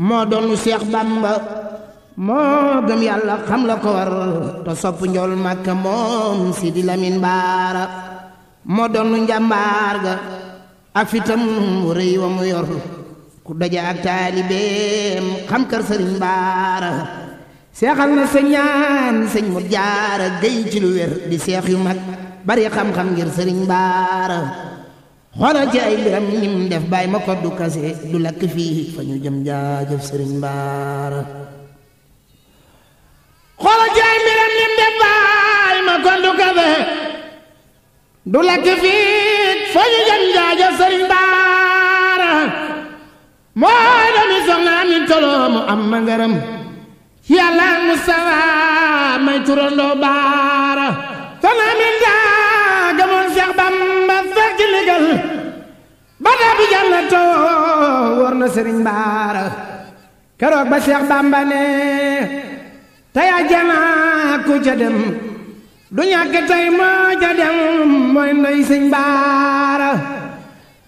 moo doonu Seex Bàmba moo gëm yàlla xam la ko war te sopp njool Màkka moom Sidi Lamin Baara moo doonu njàmbaar ga ak wu rëy wa mu yor ku daje ak taalibeem xam kër sëriñ Baara seexal na sa sëñ mu jaara géy ci lu wér di seex yu mag bari xam-xam ngir sëriñ Baara xoolal ci ay mbiram lim def bàyyi ma koddu du lakk du lakk fii fa ñu jëm jaajëf sëriñ Baara moo doomi soxna mi toloo am ma ngaram yàlla mu sawa may turandoo Baara soxna mi daa gamoon Seex Bamba fekk ndigal bata bi jànnato wóor na sëriñ baara keroog ba seex bàmba ne tey ajjana ku ca dem du ñàkk tey moo ca dem mooy ndey baara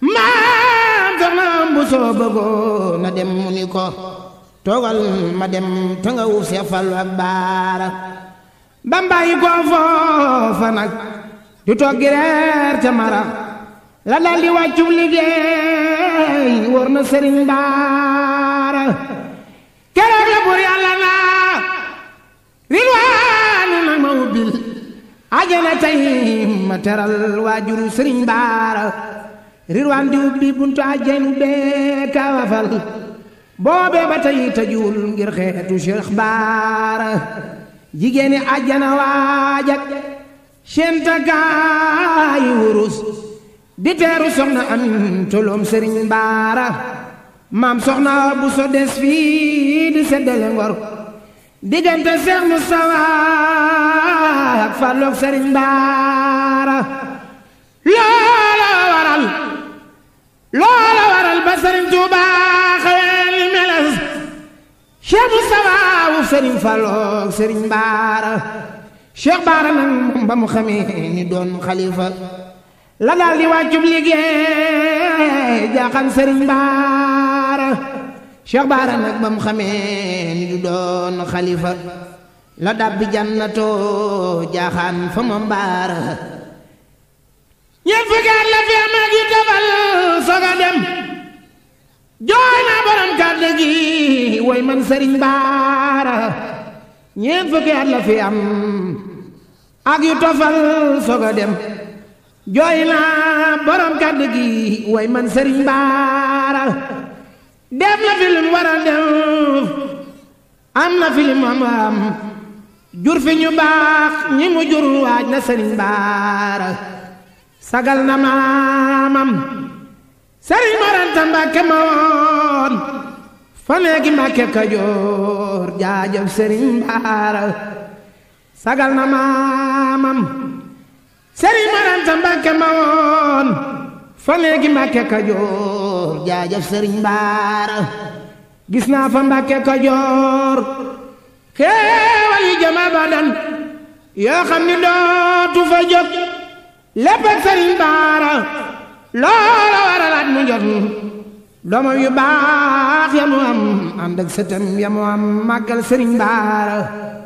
mbaam soxnaam bu soo na dem mu ni ko toogal ma dem te nga wuuf seex fallu baara bàmba yi koo foofa nag du toog gi reer mara la daal di wàccum liggéey na sëriñ baara keroog la bur yàlla naa rilwaanu nag ma ubbil ajana tey ma teral waajuru sëriñ baara rilwaan ubbi buntu ajanu bee kawafal boobee ba tey tëjuwul ngir xeetu Cheikh baara jigéeni ajana waajak seen takaayu wurus di teeru soxna amintulum sëriñ baara maam soxna bu so des fii di seddale ngor diggante seex mustafa ak falloog sëriñ baara loola waral loola waral ba sëriñ tuuba meles seex mustafa wu sëriñ falloog sëriñ baara seex baara nag ba mu xamee ni doon xalifa la daal di wàccub liggéey jaaxal sëriñ baara Cheikh Baara nag bam xamee ni du xalifa la dàbbi jannatoo jaaxaan fa ma mbaara ñeent fukki at la fi am ak yu tafal soga dem jooy naa borom kàddu gi woy man sëriñ baara ñeent fukki at la fi am ak yu tafal soga dem jooy naa borom kàddu gi way man sëriñ baara def na fi lim war a am na fi lim jur fi baax ñi mu jur waaj na sëriñ baara sagal na maamam sëriñ moranta mbàkke ma woon faneegi mbàkke kajoor jaajëf sëriñ baara sagal na maamam sa mbàkke ma woon fa léegi mbàkke kajoor jaajëf sëriñ baara gis naa fa mbàkke kajoor xéewal yi jama badan yoo xam ni dootu fa jóg lépp sëriñ baara loola waralaat mu jot doomam yu baax ya mu am ànd ak ya mu am màggal sëriñ baara